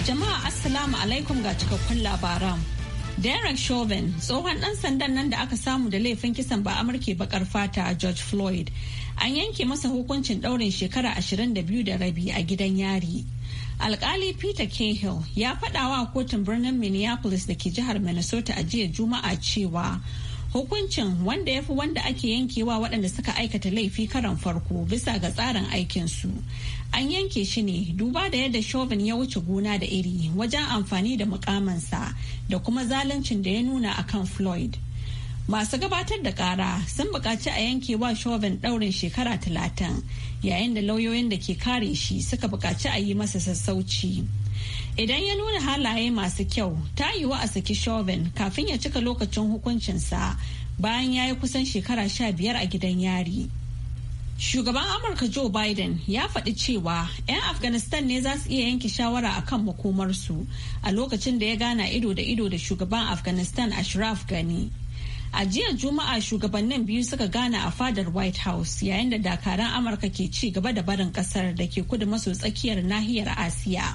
Jama'a Assalamu alaikum ga cikakkun labaran. Derek Chauvin, tsohon ɗan sandan nan da aka samu da laifin kisan ba amurke bakar fata George Floyd, an yanke masa hukuncin ɗaurin shekara 22 da rabi a gidan yari. Alkali Peter Cahill ya faɗawa kotun birnin Minneapolis da ke jihar Minnesota a jiya Juma'a cewa Hukuncin wanda ya fi wanda ake yankewa waɗanda suka aikata laifi karan farko bisa ga tsarin aikinsu. An yanke shi ne duba da yadda Chauvin ya wuce gona da iri wajen amfani da mukamansa da kuma zaluncin da ya nuna a kan Floyd. Masu gabatar da kara sun bukaci a yanke wa Chauvin ɗaurin shekara talatin yayin da lauyoyin da ke kare shi suka bukaci a yi masa sassauci. Idan ya nuna halaye masu kyau, ta yi wa a saki Chauvin kafin ya cika lokacin hukuncinsa bayan ya yi kusan shekara sha biyar a gidan yari. Shugaban Amurka Joe Biden ya faɗi cewa 'yan Afghanistan ne za su iya yanke shawara a kan makomarsu a lokacin da ya gana ido da ido da shugaban Afghanistan Ashraf gani. A jiya Juma'a shugabannin biyu suka gana a fadar White House yayin da dakaran Amurka ke ci gaba da barin kasar da ke kudu maso tsakiyar nahiyar Asiya.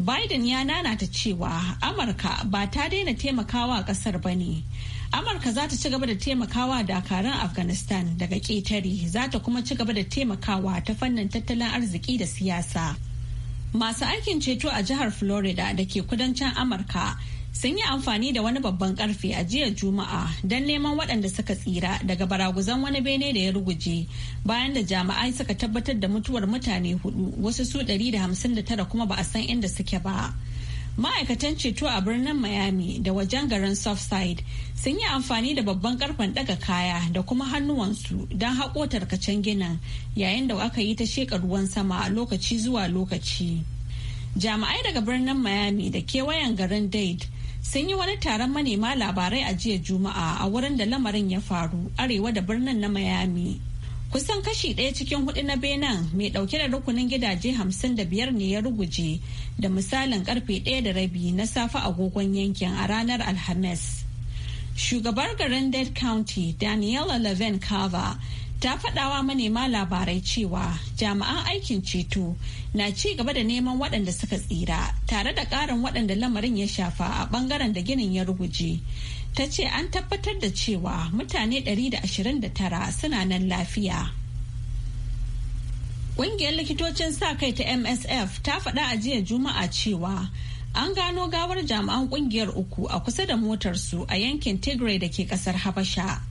Biden ya nanata cewa Amurka ba ta daina taimakawa kasar ba ne. Amurka za ta ci gaba da taimakawa dakaran Afghanistan daga ƙetare za ta kuma ci gaba da taimakawa ta fannin tattalin arziki da siyasa. Masu aikin ceto a jihar Florida da ke kudancin Amurka sun yi amfani da wani babban karfe a jiya juma'a don neman waɗanda suka tsira daga baraguzan wani bene da ya ruguje bayan da jami'ai suka tabbatar da mutuwar mutane hudu wasu su 159 kuma ba a san inda suke ba ma'aikatan ceto a birnin miami da wajen garin southside sun yi amfani da babban karfen daga kaya da kuma hannuwansu don haƙo tarkacen ginin yayin da aka yi ta sheƙa ruwan sama lokaci zuwa lokaci jami'ai daga birnin miami da kewayen garin dade sun yi wani taron manema labarai a jiya juma'a a wurin da lamarin ya faru arewa da birnin na miami kusan kashi ɗaya cikin hudu na benin mai ɗauke da rukunin gidaje hamsin da biyar ne ya ruguje da misalin karfe ɗaya da rabi na safe agogon yankin a ranar alhamis shugabar garin dead county daniela levin carver ta faɗawa manema labarai cewa jami'an aikin ceto na ci gaba da neman waɗanda suka tsira tare da ƙarin waɗanda lamarin ya shafa a ɓangaren da ginin ya ruguje ta ce an tabbatar da cewa mutane 129 suna nan lafiya ƙungiyar likitocin sa kai ta msf ta faɗa a jiya juma'a cewa an gano gawar jami'an ƙungiyar uku a kusa da motarsu a yankin tigray da ke ƙasar habasha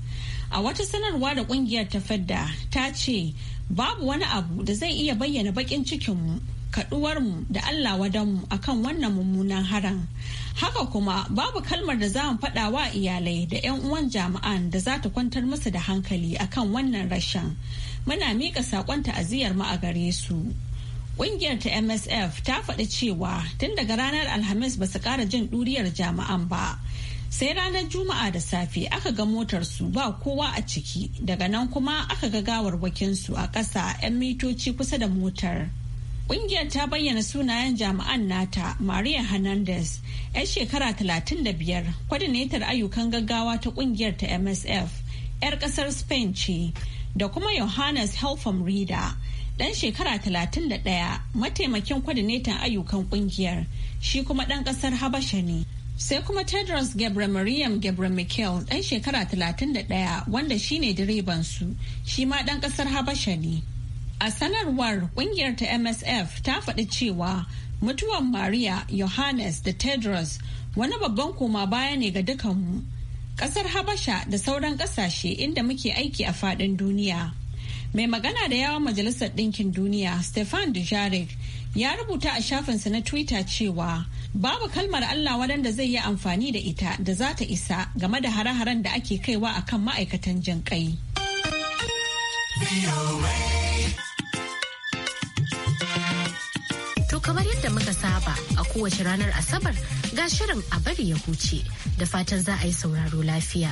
a wata sanarwa da kungiyar ta fadda ta ce babu wani abu da zai iya bayyana bakin cikinmu kaduwarmu da allah wadanmu akan wannan mummunan haran haka kuma babu kalmar da za mu faɗa wa iyalai da 'yan uwan jama'an da za ta kwantar musu da hankali akan wannan rashen. muna miƙa saƙon ta'aziyar mu a gare su Ƙungiyar ta MSF ta faɗi cewa tun daga ranar Alhamis ba su ƙara jin ɗuriyar jama'an ba. sai ranar juma'a da safe aka ga motarsu ba kowa a ciki daga nan kuma aka ga gawarwakinsu a ƙasa 'yan mitoci kusa da motar Ƙungiyar ta bayyana sunayen jami'an nata Maria Hernandez, 'yar shekara 35, kwadinetar ayyukan gaggawa ta ƙungiyar ta MSF, 'yar ƙasar Spain ce, da kuma Yohannes Helfam Rida, ɗan shekara 31, mataimakin kwadinetan ayyukan ƙungiyar, shi kuma ɗan ƙasar Habasha ne. sai kuma tedros gebra mariam ɗan shekara dan shekara 31 wanda shine direban su shi ma dan kasar habasha ne a sanarwar kungiyar ta msf ta faɗi cewa mutuwan maria yohannes da tedros wani babban koma baya ne ga dukanmu kasar habasha da sauran kasashe inda muke aiki a faɗin duniya mai magana da yawan majalisar ɗinkin duniya stefan dujarric ya rubuta a shafinsa na twitter cewa Babu kalmar Allah wadanda zai yi amfani da ita da za ta isa game da hare-haren da ake kaiwa a kan ma'aikatan jinƙai. To kamar yadda muka saba a kowace ranar Asabar ga shirin a bari ya huce da fatan za a yi sauraro lafiya.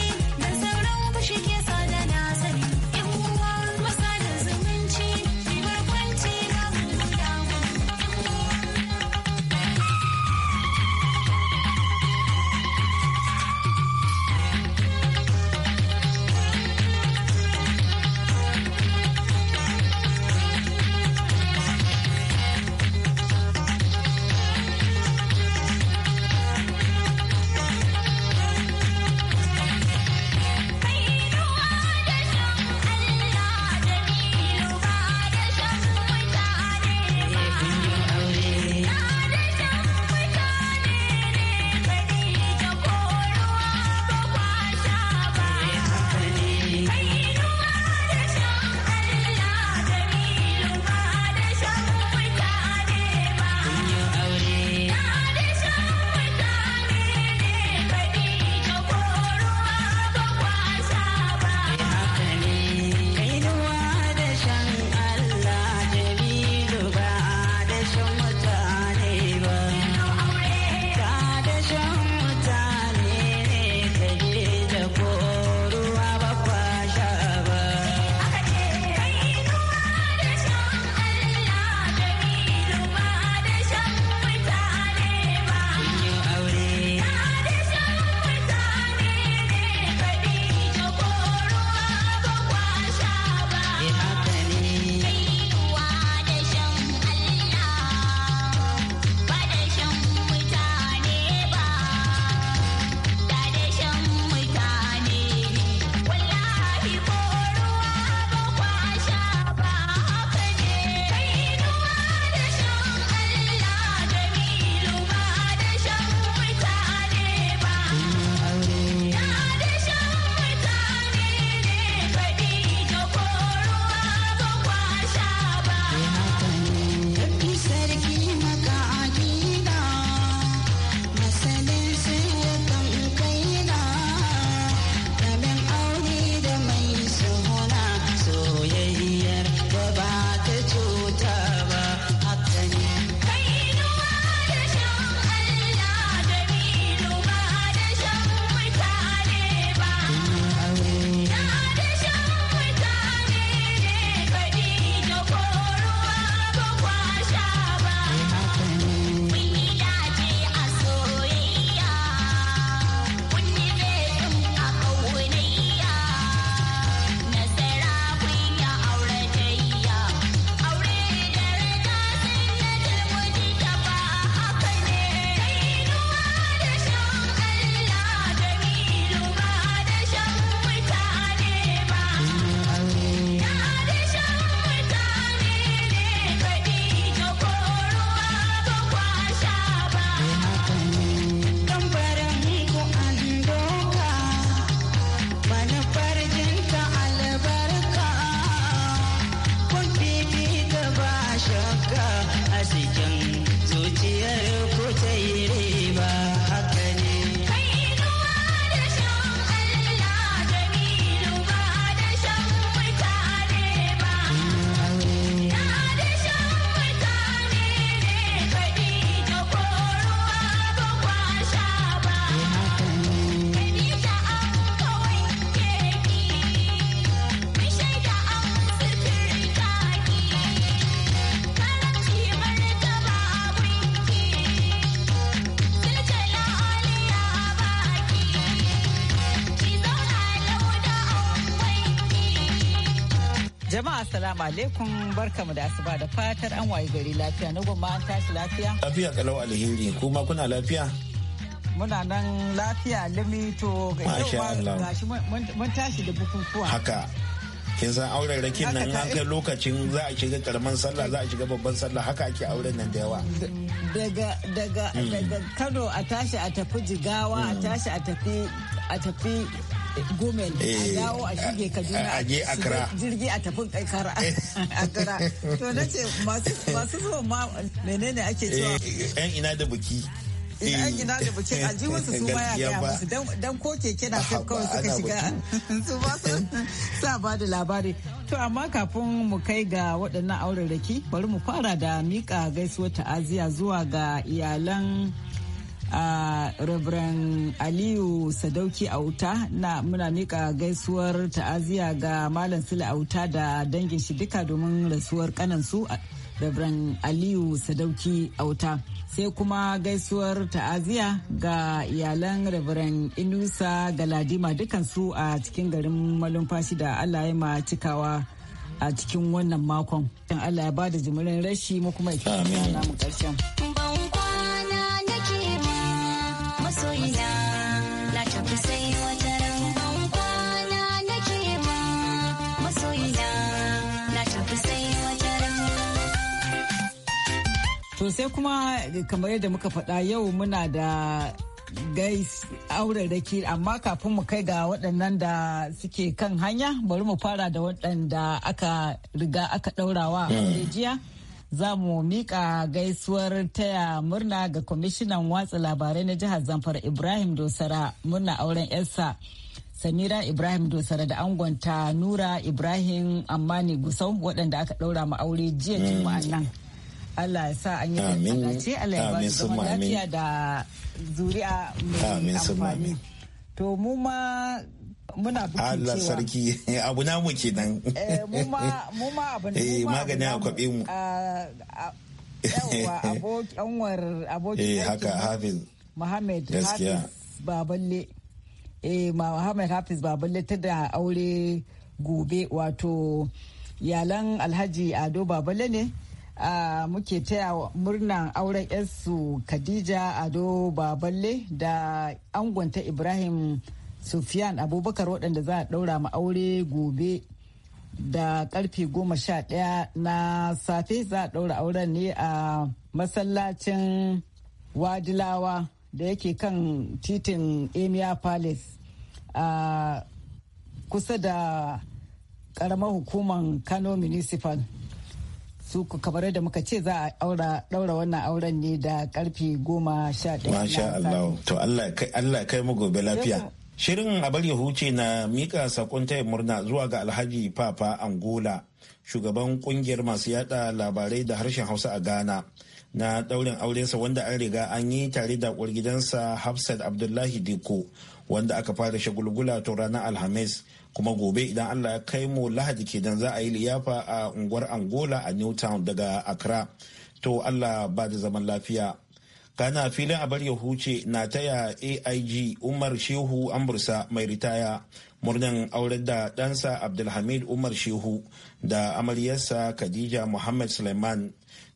Assalamu alaikum barkamu da asuba da fatar an wayi gari lafiya na goma an tashi lafiya. Lafiya kalau alheri kuma kuna lafiya? Muna nan lafiya limito ga mun tashi da bukukuwa. Haka. kin san auren rakin nan an kai lokacin za a shiga karaman sallah za a shiga babban sallah haka ake auren nan da yawa daga daga hmm. daga kano a tashi a tafi jigawa a hmm. tashi a tafi a tafi Gomen a eh, dawo a shige kaduna a je akra jirgi a tafi kakara eh. akra to na ce masu so ma menene ake cewa eh, yan ina da buki yan ina da buki a ji wasu su baya gaya musu dan ko keke na kai kawai suka shiga su ba su sa ba da labari to amma kafin mu kai ga waɗannan auraraki bari mu fara da miƙa gaisuwar ta'aziya zuwa ga iyalan a rabran Aliyu Sadauki Auta na muna mika gaisuwar ta'aziya ga Malam Sule Auta da dangin shi duka domin rasuwar kanansu rabran Aliyu Sadauki Auta. Sai kuma gaisuwar ta'aziya ga iyalan rabran Inusa Galadima dukansu a cikin garin malumfashi da Allah ya cikawa a cikin wannan makon. Allah ya bada jimirin rashi mu kuma ya mu karshen To sai kuma kamar yadda muka faɗa yau muna da gais raki amma kafin mu kai ga waɗannan da suke kan hanya bari mu fara da waɗanda aka riga aka ɗaurawa a mm. jiya. za mu mika gaisuwar taya murna ga kwamishinan watsa labarai na jihar zamfara ibrahim dosara murna auren yarsa samira ibrahim dosara da angonta nura ibrahim amani gusau waɗanda aka ɗaura ma aure jiya mm. juma'an nan Allah ya sa an yi ce Allah ya ba su zaman lafiya da zuri'a mai amfani. To mu ma muna bukin cewa. Allah sarki abu na eh, mu kenan. Mu ma abu na eh, mu magani a na mu. Ah, ah, Yawwa anwar abokin Eh haka Hafiz. Muhammad Hafiz Baballe. Eh Muhammad Hafiz Baballe ta da aure gobe wato yalan Alhaji Ado Baballe ne. muke taya murnan auren yarsu Khadija Ado Baballe da angonta Ibrahim Sufyan Abubakar waɗanda za a ɗaura ma aure gobe da ƙarfe goma sha ɗaya na safe za a ɗaura auren ne a masallacin wadilawa da yake kan titin emia palace a kusa da ƙaramar hukumar kano municipal su kamar da muka ce za a ɗaura daura wannan auren ne da karfe goma sha ɗaya. Masha Allah to Allah kai mu gobe lafiya. Shirin abar ya huce na mika sakon taya murna zuwa ga Alhaji Papa Angola, shugaban kungiyar masu yada labarai da harshen Hausa a Ghana. na daurin aurensa wanda an riga an yi tare da uwar gidansa hafsat abdullahi diko wanda aka fara shagulgula to ranar alhamis kuma gobe idan allah ya kai mu lahadi kenan za a yi liyafa a unguwar angola a newtown daga accra to allah ba da zaman lafiya kana filin a bar ya huce na taya aig umar shehu amursa mai ritaya murnan auren da ɗansa abdulhamid umar shehu da amaryarsa khadija muhammad suleiman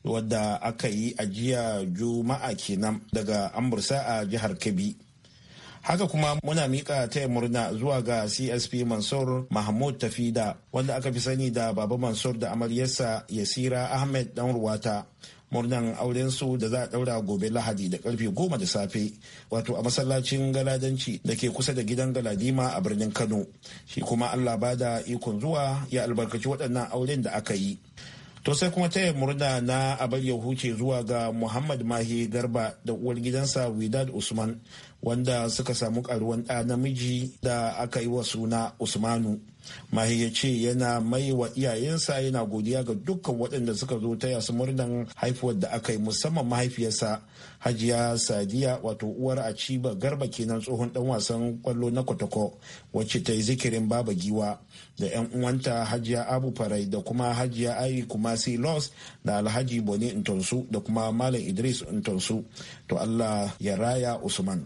wadda aka yi a jiya juma'a kenan daga amursa a jihar kebbi haka kuma muna miƙa taya murna zuwa ga csp mansur mahmud tafida wanda aka fi sani da baba mansur da amaryarsa yasira ahmed dan ruwata murnan auren su da za a daura gobe lahadi da karfe goma da safe wato a masallacin galadanci da ke kusa da gidan galadima a birnin kano shi kuma allah bada ikon zuwa ya albarkaci waɗannan auren da aka yi To sai kuma taya murna na abar ya huce zuwa ga Muhammad Mahi Garba da uwar gidansa Widad Usman wanda suka samu karuwan ɗa namiji da aka yi wa suna usmanu mahi ce yana mai wa iyayensa yana godiya ga dukkan waɗanda suka zo taya su murnan haifuwar da aka yi musamman mahaifiyarsa hajiya sadiya wato uwar a ciba garba kenan tsohon dan wasan kwallo na kotoko wacce ta yi zikirin baba giwa da yan uwanta hajiya abu farai da kuma hajiya ayi kumasi los da alhaji boni intonsu da kuma malam idris intonsu to allah ya raya usman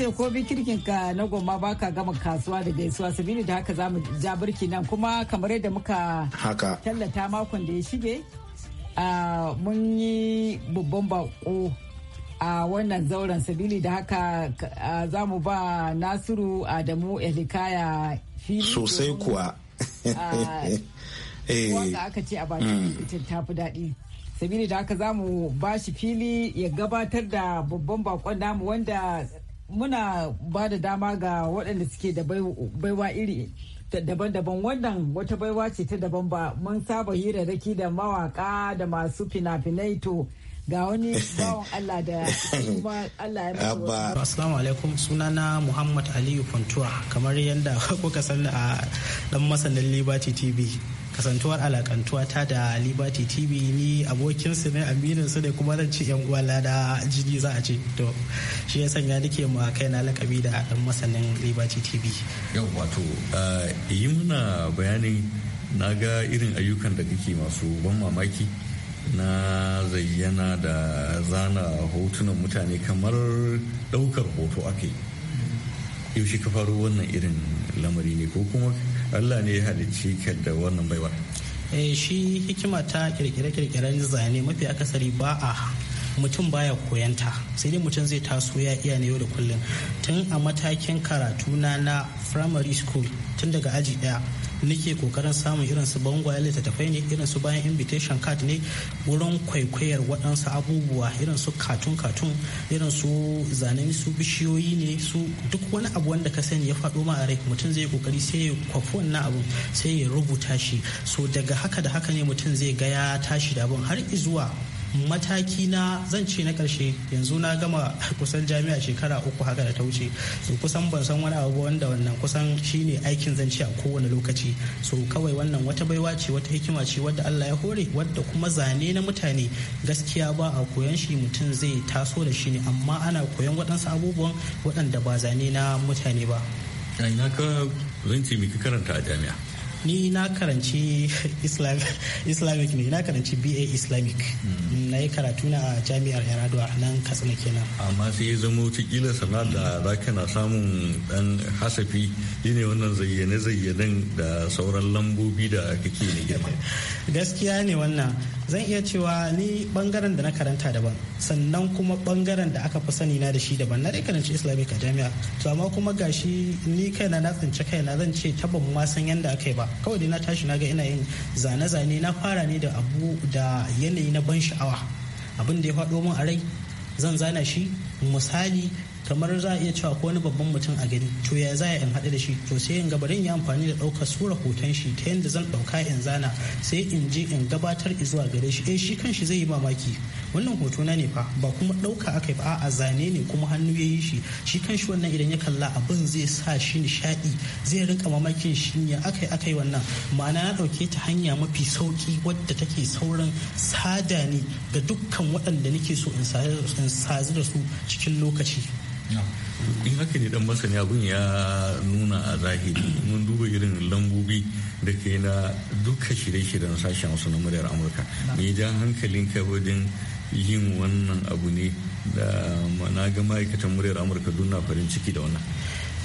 ce ko bi kirkin ka na goma baka gama kasuwa da gaisuwa sabili da haka zamu ja birki nan kuma kamar yadda muka haka tallata makon da ya shige mun yi babban bako a wannan zauren sabili da haka za mu ba nasiru adamu elikaya fili sosai kuwa eh. wanda aka ce a bakin mm. tafi daɗi sabili da haka za mu ba shi fili ya gabatar da babban bakon namu wanda muna ba da dama ga waɗanda suke da baiwa iri daban-daban wannan wata baiwa ce ta daban ba mun saba raki da mawaka da masu fina-finai to ga wani bawan Allah da kuma Allah ya mutu. Assalamu alaikum sunana Muhammad Aliyu Kontuwa kamar yadda kuka sani a dan masanin Liberty TV. kasantuwar alakantuwa ta da liberty tv ni abokin ne aminin su ne kuma zan ci yan gwala da jini za a ce to shi ya sanya nake ma kai na lakabi da dan masanin liberty tv yau wato eh, yi muna bayani na ga irin ayyukan da kake masu ban mamaki na zayyana da zana hotunan mutane kamar daukar hoto ake yaushe ka faru wannan irin lamari ne ko kuma Allah ne ya halicci ka da wannan baiwar eh, shi hikima ta kirkire-kirkiren zane mafi akasari ba a mutum baya koyanta sai dai mutum zai taso ya iya ne yau da kullum tun a matakin karatu na na primary school tun daga aji daya nake kokarin samun irin su bangwaye littattafai ne irin su bayan invitation card ne wurin kwaikwayar waɗansu abubuwa irin su katun katun irin su zanen su bishiyoyi ne su duk wani abu wanda ka sani ya faɗo ma a rai mutum zai kokari sai ya kwafi wannan abu sai ya rubuta shi so daga haka da haka ne mutum zai gaya tashi da abun har zuwa. mataki na zan ce na karshe yanzu na gama kusan jami'a shekara uku haka da ta wuce so kusan ban san wani abu wanda wannan kusan shine aikin zan ce a kowane lokaci so kawai wannan wata baiwa ce wata hikima ce wadda Allah ya hore wadda kuma zane na mutane gaskiya ba a koyan shi mutum zai taso da shi ne amma ana koyan waɗansu abubuwan waɗanda ba zane na mutane ba. ina ka zan ce ka karanta a jami'a. ni na karanci islamic ne na karanci ba islamic hmm. na yi karatu na a jami'ar yaradu nan katsina kenan amma sai ya zama wata sana da za kana samun dan hasafi ne wannan zayyane-zayyanen da sauran lambobi da kake ne girma gaskiya ne wannan zan iya cewa ni bangaren da na karanta daban sannan kuma bangaren da aka fi sani na da shi daban na dai karanci islamic jami'a to amma kuma gashi ni kaina na tsinci kaina zan ce ta ban ma san yanda aka yi ba kawai dai na tashi na ga ina yin zane-zane na fara ne da abu da yanayi na ban sha'awa abin da ya faɗo min a rai zan zana shi misali kamar za a iya cewa ko wani babban mutum a gari to ya za a in haɗu da shi to sai in gabarin yi amfani da ɗaukar sura hoton shi ta yadda zan ɗauka in zana sai in je in gabatar zuwa gare shi eh shi kanshi zai yi mamaki wannan hoto na ne fa ba kuma ɗauka aka yi ba a zane ne kuma hannu ya yi shi shi kanshi wannan idan ya kalla abin zai sa shi nishaɗi zai rinka mamakin shi ne aka yi wannan ma'ana na ɗauke ta hanya mafi sauƙi wadda take sauran sada ne ga dukkan waɗanda nake so in sazu da su cikin lokaci in haka ne dan masani abin ya nuna a zahiri mun duba irin lambobi da ke na duka shirye-shiryen sashen wasu na muryar amurka mai ja hankalin ka wajen yin wannan abu ne da na ga ma'aikatan muryar amurka duna farin ciki da wannan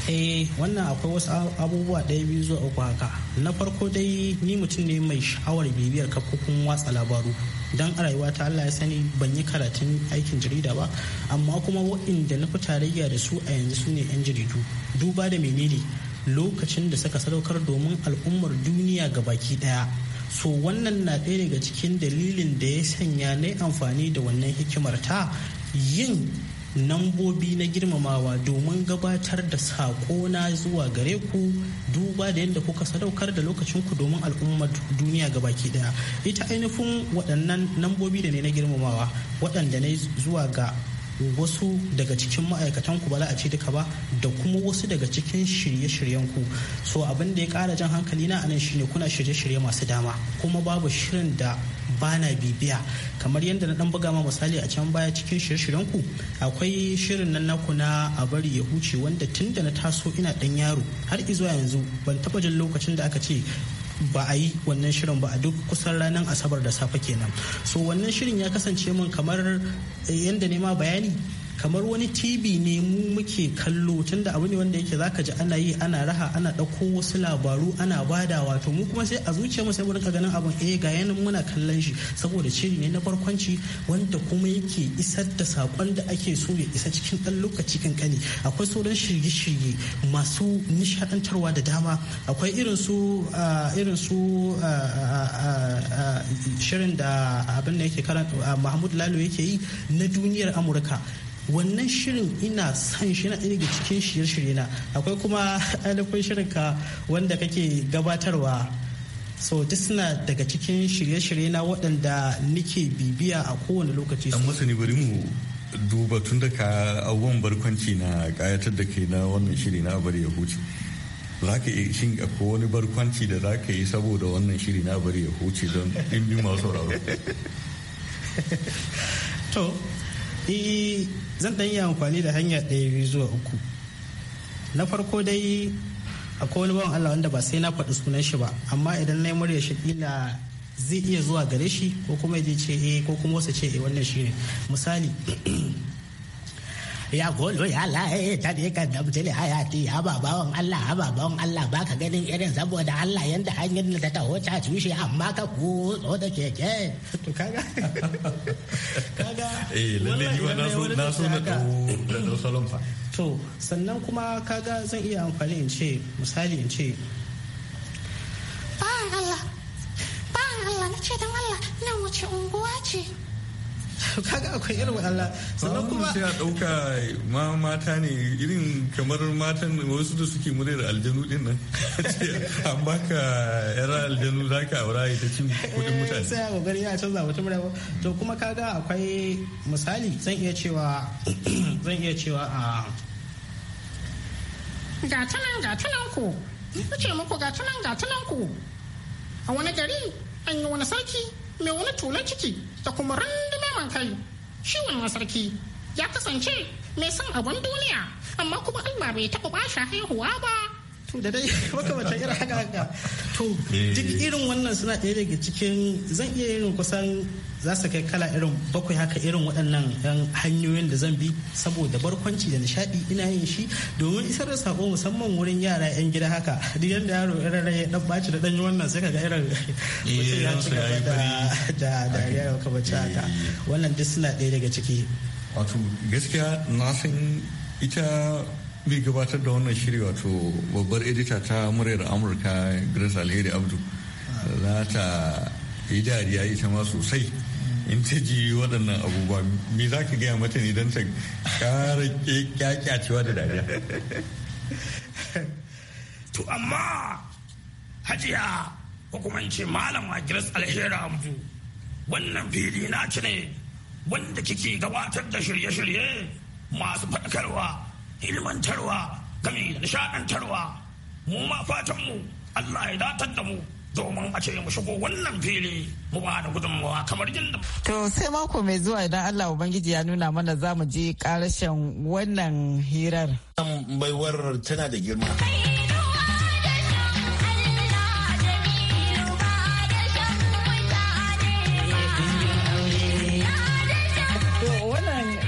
eh wannan akwai wasu abubuwa ɗaya biyu zuwa uku haka na farko dai ni mutum ne mai sha'awar bibiyar kafofin watsa labaru don a rayuwa ta Allah ya sani ban yi karatun aikin jarida ba amma kuma wa'inda na fi tarayya da su a yanzu su ne 'yan jaridu duba da menene lokacin da suka sadaukar domin al'ummar duniya ga baki ɗaya so wannan na ɗaya daga cikin dalilin da ya sanya na amfani da wannan hikimar ta yin nambobi na girmamawa domin gabatar da sakona zuwa gare ku duba da yadda kuka sadaukar da lokacin ku domin al'ummar duniya ga baki daya ita ainihin waɗannan nambobi da ne na girmamawa waɗanda na zuwa ga wasu daga cikin ma'aikatan ku ba za a ce duka ba da kuma wasu daga cikin shirye-shiryen ku so abin da ya kara jan hankali na anan shine kuna shirye-shirye masu dama kuma babu shirin da bana bibiya kamar yadda na dan buga ma misali a can baya cikin shirye-shiryen ku akwai shirin nan naku na a bari ya huce wanda tun da na taso ina dan yaro har izuwa yanzu ban taba jin lokacin da aka ce ba a yi wannan shirin ba a duk kusan ranar asabar da safe kenan so wannan shirin ya kasance min kamar yadda nema bayani kamar wani tv ne mu muke kallo tunda abu ne wanda yake zaka ji ana yi ana raha ana ɗauko wasu labaru ana bada wato mu kuma sai a zuciya mu sai mu rinka ganin abun eh ga yanin muna kallon shi saboda shiri ne na farkonci wanda kuma yake isar da sakon da ake so ya isa cikin ɗan lokaci kankani akwai sauran shirye-shirye masu nishadantarwa da dama akwai irin su irin su shirin da abin da yake karanta mahmud lalo yake yi na duniyar amurka wannan shirin ina san shi na ɗaya cikin shirye-shirye na akwai kuma ainihin shirin ka wanda kake gabatarwa so duk suna daga cikin shirye-shirye na waɗanda nike bibiya a kowane lokaci masu masani bari mu duba tun da ka abubuwan barkwanci na kayatar da ke na wannan shiri na bari ya huce za ka iya shin akwai wani barkwanci da za ka yi saboda wannan shiri na bari ya huce don bi masu sauraro eh zan ɗan yi amfani da hanya ɗaya biyu zuwa uku na farko dai akwai wani bawan Allah wanda ba sai na faɗi sunan shi ba amma idan na yi murya shi kila zai iya zuwa gare shi ko kuma ya ce eh ko kuma wasu ce eh wannan shi ne misali ya golo ya laye ta ne kan namtili hayati ya babawan Allah ya babawan Allah ba ka ganin irin saboda Allah yanda hanyar da ta taho ta cushe amma ka kutso da keke. To kaga. Kaga. Eh lalle ni wannan so na so na da salon fa. To sannan kuma kaga zan iya amfani in ce misali in ce ba Allah ba Allah na ce dan Allah nan wace unguwa ce. kaga akwai irin wahala sannan kuma sai a dauka ma mata ne irin kamar matan wasu da suke muryar aljanu din nan an baka yara aljanu za ka aura ta cin kudin mutane eh, sai a gogari ya canza mutum rawa to kuma kaga akwai misali zan iya cewa zan iya cewa a ga tunan ga tunan ku ce muku ga tunan ga tunan ku a wani gari an yi wani sarki mai wani tulan ciki da kuma randa ciwon kai ciwon wannan sarki ya kasance mai son abin duniya amma kuma Allah bai taɓa ba shi haihuwa ba to da dai makamacin irin haka haka to duk eh. irin wannan suna ɗaya daga cikin zan iya yin kusan za su kai kala irin bakwai haka irin waɗannan hanyoyin da zan bi saboda barkwanci da nishaɗi ina yin shi domin isar da sako musamman wurin yara yan gida haka duk yadda yaro irin rai ɗan baci da danyi wannan sai kaga irin eh, da da haka wannan duk suna ɗaya daga ciki wato gaskiya na san ita bai gabatar da wannan shiri wato babbar edita ta muryar amurka grace alheri abdu ah. za ta yi dariya ita ma sosai in ta ji waɗannan abubuwa me za ka gaya mata ne don ta ƙara kyakyacewa da dariya to amma hajiya ko kuma in ce malam akiras alhera amfu wannan fili na ci ne wanda kike gabatar da shirye-shirye masu faɗakarwa ilmantarwa game da nishaɗantarwa mu ma fatanmu Allah ya datar da mu domin a ce mu shigo wannan fili mu ba da gudunmawa kamar yadda. To sai mako mai zuwa idan Allah Ubangiji ya nuna mana za mu je karashen wannan hirar. Baiwar tana da girma.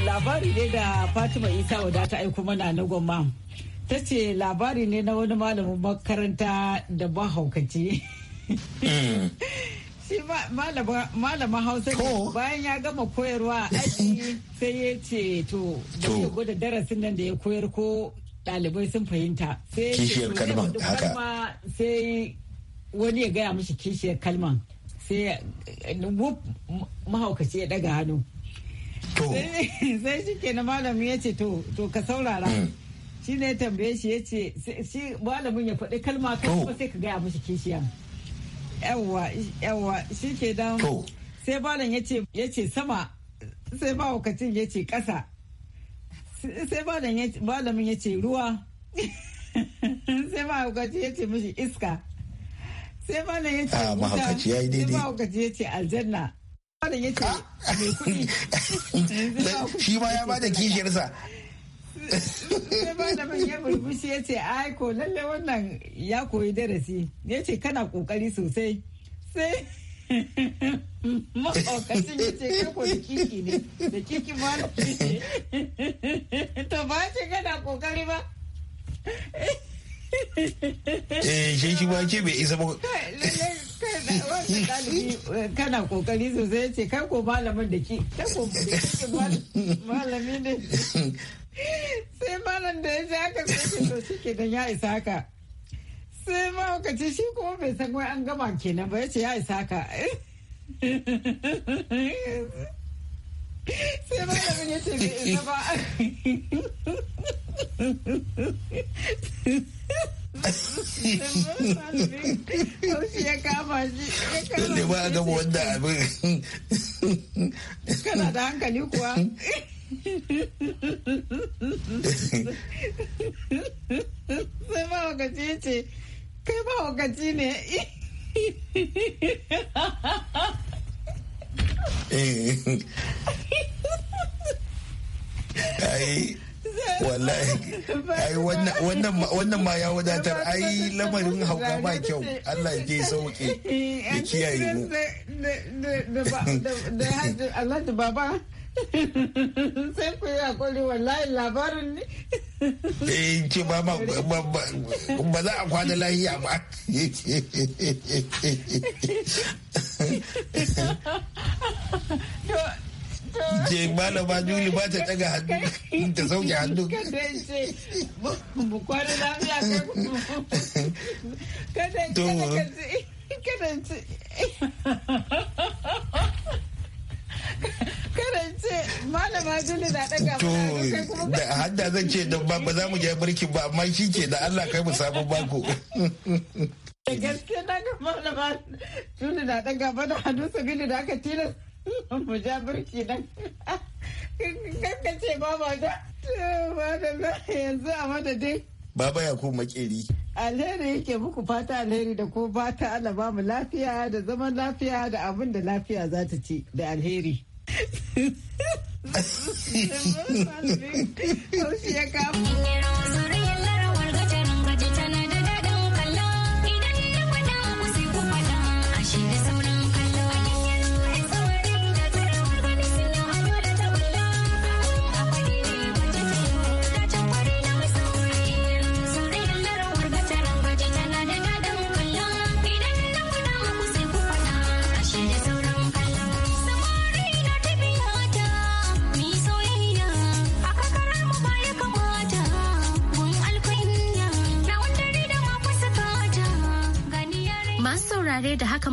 labari ne da fatima isa wada ta aiko mana na gwamma ta ce labari ne na wani malamin makaranta da ba haukace shi malama hausa bayan ya gama koyarwa aji sai ya ce to da ke gwada darasin nan da ya koyar ko ɗalibai sun fahimta sai kishiyar kalman haka sai wani ya gaya mashi kishiyar kalman sai mahaukaci ya daga hannu sai shi ke na malamin ya ce to ka saurara mm. shi ne tambaye shi ya ce shi malamin ya faɗi kalma kuma sai ka gaya mashi kishiyar yawwa yawwa shi ke dan sai balan ya ce sama sai ba wakacin ya ce ƙasa sai balamin ya ce ruwa sai ba wakacin ya ce mishi iska sai malam ya ce ah, mahaukaci ya yi daidai sai ya ce aljanna ya ce ah. mai kuɗi shi ma ya bada kishiyarsa sai malamin ya burbushi ya ce ai ko lalle wannan ya koyi darasi ya ce kana kokari sosai sai mahaukacin ya ce kako da kiki ne da kiki ma ne to ba ce kana kokari ba eh shi shi ba ke bai isa ba eh, kana kokari sosai ya ce kai ko malamin da ki kai ko malami ne sai malam da ya ji haka sai to shi dan ya isa haka sai ce shi kuma bai san wai an gama kenan ba ya ce ya isa haka sai malamin ya ce bai isa ba Ne ba gama wanda abin. Kana da hankali kuwa? sai ba wakaci ce kai ba wakaci ne wannan ma ya wadatar ai lamarin hauka ba kyau Allah ya je sauke ya kiyaye mu da Allah da baba sai ku yi hakuri wallahi labarin ne eh ce ba ba ba za a kwana lahiya ba je malama juli ba ta daga hannu ta sauke hannu bukwari lafiya kada kada kada ce malama Juli na daga to da hadda zan ce da ba za mu je birkin ba amma shi ke da Allah kai mu sabon bako da gaske na ga malama Juli na daga ba da hannu sabili da aka tilas mu ja birki nan ka ce ba ba da yanzu a madadin Baba ya ko makeri. Alheri yake muku fata alheri da ko fata Allah ba mu lafiya da zaman lafiya da abin da lafiya za ta ci da alheri. Você chegar.